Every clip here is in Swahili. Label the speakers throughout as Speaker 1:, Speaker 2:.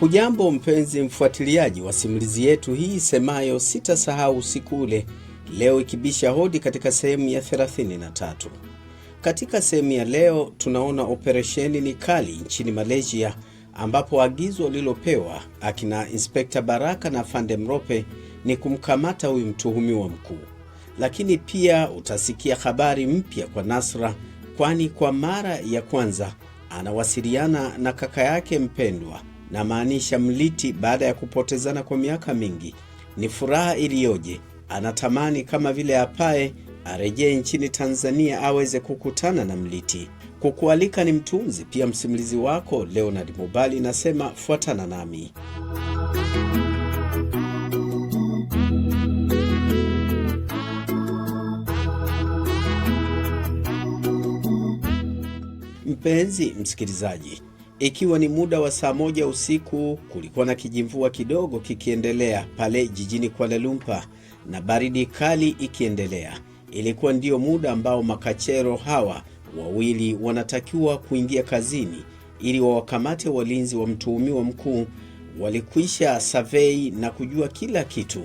Speaker 1: Hujambo mpenzi mfuatiliaji wa simulizi yetu hii semayo Sitasahau Usiku Ule, leo ikibisha hodi katika sehemu ya 33. Katika sehemu ya leo tunaona operesheni ni kali nchini Malaysia, ambapo agizo lilopewa akina Inspekta Baraka na Fande Mrope ni kumkamata huyu mtuhumiwa mkuu, lakini pia utasikia habari mpya kwa Nasra, kwani kwa mara ya kwanza anawasiliana na kaka yake mpendwa namaanisha Mliti baada ya kupotezana kwa miaka mingi. Ni furaha iliyoje! Anatamani kama vile apae arejee nchini Tanzania aweze kukutana na Mliti. Kukualika ni mtunzi pia msimulizi wako Leonard Mubali, nasema fuatana nami. Mpenzi msikilizaji, ikiwa ni muda wa saa moja usiku, kulikuwa na kijimvua kidogo kikiendelea pale jijini Kuala Lumpur na baridi kali ikiendelea. Ilikuwa ndio muda ambao makachero hawa wawili wanatakiwa kuingia kazini ili wawakamate walinzi wa mtuhumiwa mkuu. Walikwisha savei na kujua kila kitu,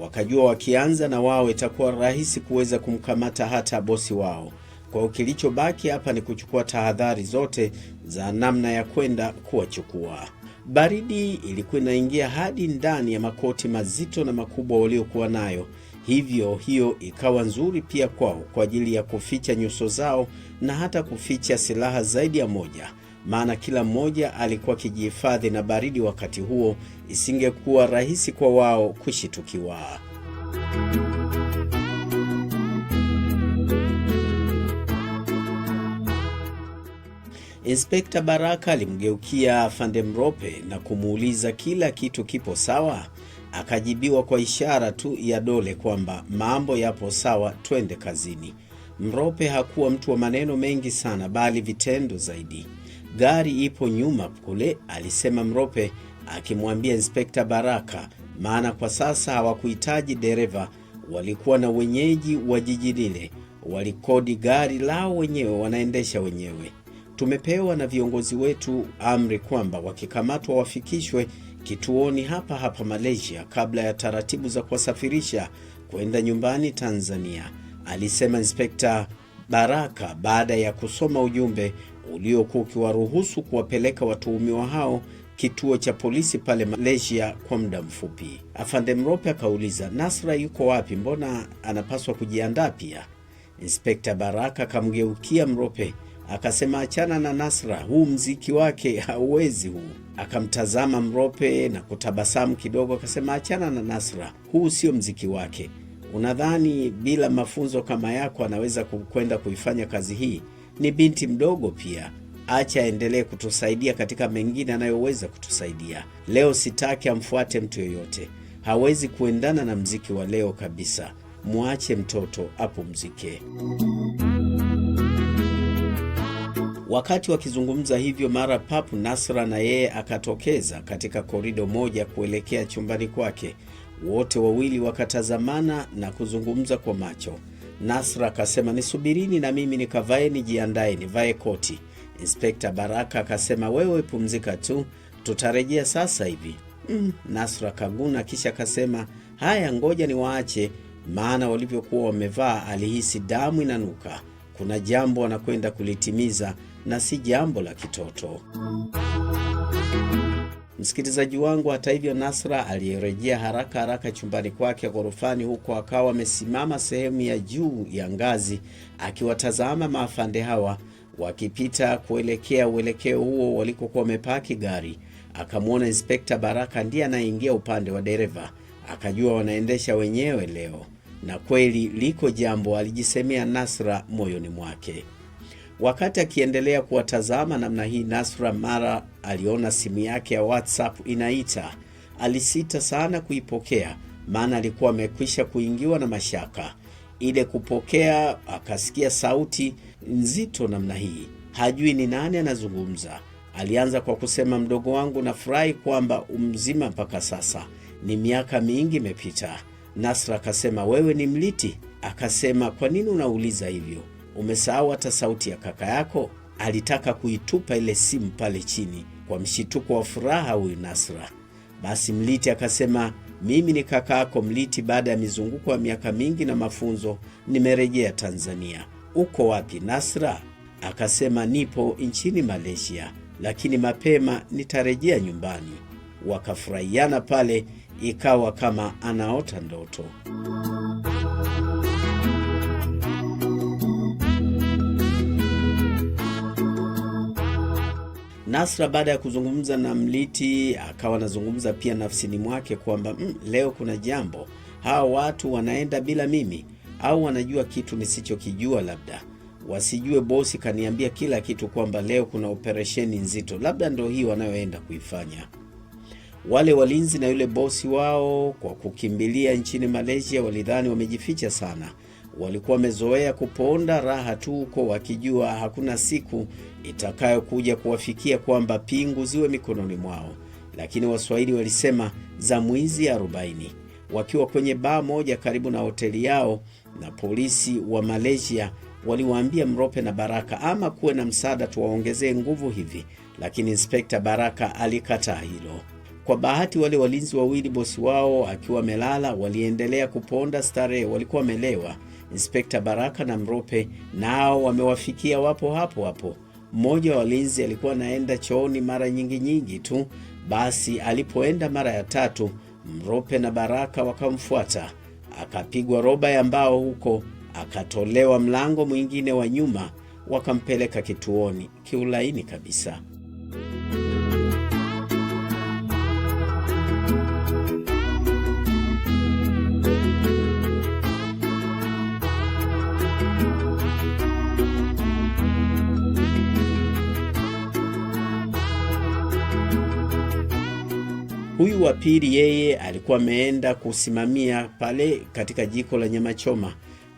Speaker 1: wakajua wakianza na wao itakuwa rahisi kuweza kumkamata hata bosi wao kwao. Kilichobaki hapa ni kuchukua tahadhari zote za namna ya kwenda kuwachukua. Baridi ilikuwa inaingia hadi ndani ya makoti mazito na makubwa waliokuwa nayo, hivyo hiyo ikawa nzuri pia kwao kwa ajili ya kuficha nyuso zao na hata kuficha silaha zaidi ya moja, maana kila mmoja alikuwa akijihifadhi na baridi wakati huo, isingekuwa rahisi kwa wao kushitukiwa. Inspekta Baraka alimgeukia Fandemrope na kumuuliza kila kitu kipo sawa. Akajibiwa kwa ishara tu ya dole kwamba mambo yapo sawa, twende kazini. Mrope hakuwa mtu wa maneno mengi sana, bali vitendo zaidi. Gari ipo nyuma kule, alisema Mrope akimwambia Inspekta Baraka, maana kwa sasa hawakuhitaji dereva, walikuwa na wenyeji wa jiji lile, walikodi gari lao wenyewe, wanaendesha wenyewe tumepewa na viongozi wetu amri kwamba wakikamatwa wafikishwe kituoni hapa hapa Malaysia kabla ya taratibu za kuwasafirisha kwenda nyumbani Tanzania, alisema Inspekta Baraka baada ya kusoma ujumbe uliokuwa ukiwaruhusu kuwapeleka watuhumiwa hao kituo cha polisi pale Malaysia kwa muda mfupi. Afande Mrope akauliza, Nasra yuko wapi? Mbona anapaswa kujiandaa pia? Inspekta Baraka akamgeukia Mrope Akasema achana na Nasra, huu mziki wake hauwezi huu. Akamtazama Mrope na kutabasamu kidogo, akasema achana na Nasra, huu sio mziki wake. Unadhani bila mafunzo kama yako anaweza kwenda kuifanya kazi hii? Ni binti mdogo pia, acha aendelee kutusaidia katika mengine anayoweza kutusaidia. Leo sitaki amfuate mtu yoyote, hawezi kuendana na mziki wa leo kabisa. Mwache mtoto apumzike. Wakati wakizungumza hivyo, mara papu Nasra na yeye akatokeza katika korido moja kuelekea chumbani kwake. Wote wawili wakatazamana na kuzungumza kwa macho. Nasra akasema, nisubirini na mimi nikavae, nijiandae, nivae koti. Inspekta Baraka akasema, wewe pumzika tu, tutarejea sasa hivi. Mm, Nasra kaguna kisha akasema, haya ngoja niwaache, maana walivyokuwa wamevaa alihisi damu inanuka. Kuna jambo anakwenda kulitimiza na si jambo la kitoto. Msikilizaji wangu, hata hivyo, Nasra aliyerejea haraka haraka chumbani kwake ghorofani, huko akawa amesimama sehemu ya juu ya ngazi akiwatazama maafande hawa wakipita kuelekea uelekeo huo walikokuwa wamepaki gari. Akamwona Inspekta Baraka ndiye anayeingia upande wa dereva, akajua wanaendesha wenyewe leo, na kweli liko jambo, alijisemea Nasra moyoni mwake. Wakati akiendelea kuwatazama namna hii, Nasra mara aliona simu yake ya WhatsApp inaita. Alisita sana kuipokea, maana alikuwa amekwisha kuingiwa na mashaka. Ile kupokea akasikia sauti nzito namna hii, hajui ni nani anazungumza. Alianza kwa kusema, mdogo wangu, nafurahi kwamba umzima mpaka sasa, ni miaka mingi imepita. Nasra akasema, wewe ni Mliti? Akasema, kwa nini unauliza hivyo? Umesahau hata sauti ya kaka yako? Alitaka kuitupa ile simu pale chini kwa mshituko wa furaha huyu Nasra. Basi Mliti akasema, mimi ni kaka yako Mliti. Baada ya mizunguko ya miaka mingi na mafunzo, nimerejea Tanzania. Uko wapi Nasra? Akasema, nipo nchini Malaysia, lakini mapema nitarejea nyumbani. Wakafurahiana pale, ikawa kama anaota ndoto. Nasra baada ya kuzungumza na Mliti akawa anazungumza pia nafsini mwake kwamba mm, leo kuna jambo, hawa watu wanaenda bila mimi, au wanajua kitu nisichokijua, labda wasijue bosi kaniambia kila kitu kwamba leo kuna operesheni nzito, labda ndio hii wanayoenda kuifanya. Wale walinzi na yule bosi wao, kwa kukimbilia nchini Malaysia, walidhani wamejificha sana, walikuwa wamezoea kuponda raha tu huko, wakijua hakuna siku itakayokuja kuwafikia kwamba pingu ziwe mikononi mwao. Lakini Waswahili walisema za mwizi arobaini. Wakiwa kwenye baa moja karibu na hoteli yao, na polisi wa Malaysia waliwaambia Mrope na Baraka, ama kuwe na msaada tuwaongezee nguvu hivi, lakini Inspekta Baraka alikataa hilo. Kwa bahati wale walinzi wawili, bosi wao akiwa amelala, waliendelea kuponda starehe, walikuwa wamelewa. Inspekta Baraka na Mrope nao wamewafikia, wapo hapo hapo. Mmoja wa walinzi alikuwa anaenda chooni mara nyingi nyingi tu, basi alipoenda mara ya tatu, Mrope na Baraka wakamfuata, akapigwa roba ya mbao huko, akatolewa mlango mwingine wa nyuma, wakampeleka kituoni kiulaini kabisa. Huyu wa pili yeye alikuwa ameenda kusimamia pale katika jiko la nyama choma,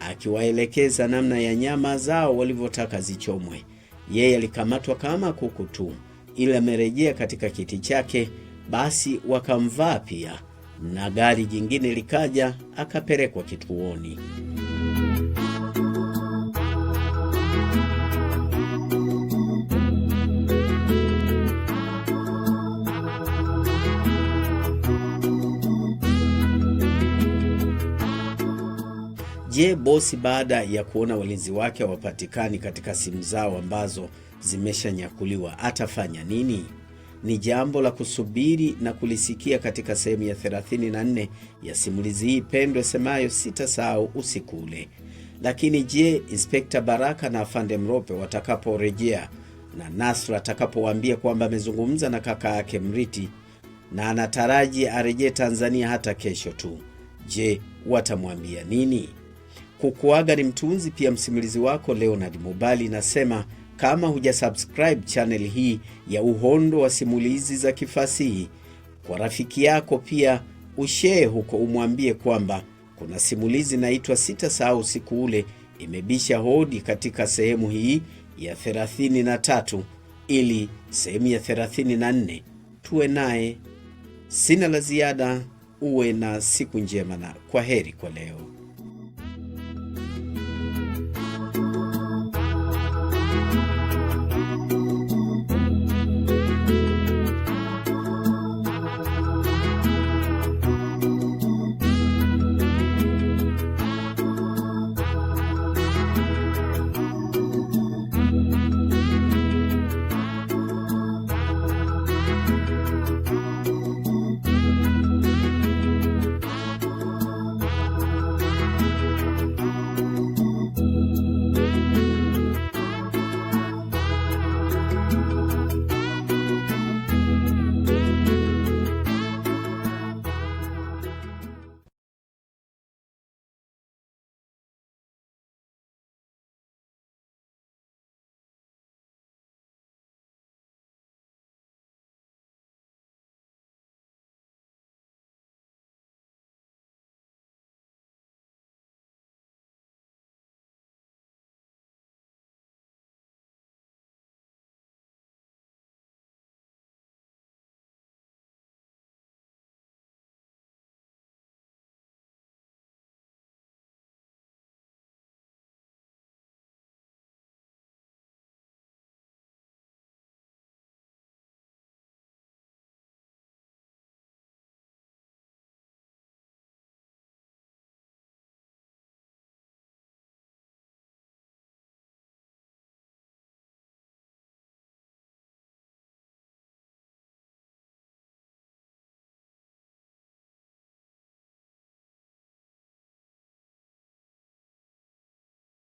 Speaker 1: akiwaelekeza namna ya nyama zao walivyotaka zichomwe. Yeye alikamatwa kama kuku tu, ila amerejea katika kiti chake, basi wakamvaa pia, na gari jingine likaja akapelekwa kituoni. Je, bosi baada ya kuona walinzi wake hawapatikani katika simu zao ambazo zimeshanyakuliwa atafanya nini? Ni jambo la kusubiri na kulisikia katika sehemu ya 34 ya simulizi hii pendwe semayo Sitasahau Usiku Ule. Lakini je, Inspekta Baraka na Afande Mrope watakaporejea na Nasra atakapowaambia kwamba amezungumza na kaka yake Mriti na anataraji arejee Tanzania hata kesho tu, je, watamwambia nini? kukuaga ni mtunzi pia msimulizi wako Leonard Mubali. Inasema kama hujasubscribe channel hii ya Uhondo wa Simulizi za Kifasihi, kwa rafiki yako pia ushee huko, umwambie kwamba kuna simulizi inaitwa Sitasahau Usiku Ule imebisha hodi katika sehemu hii ya 33 ili sehemu ya 34 tuwe naye. Sina la ziada, uwe na siku njema na kwa heri kwa leo.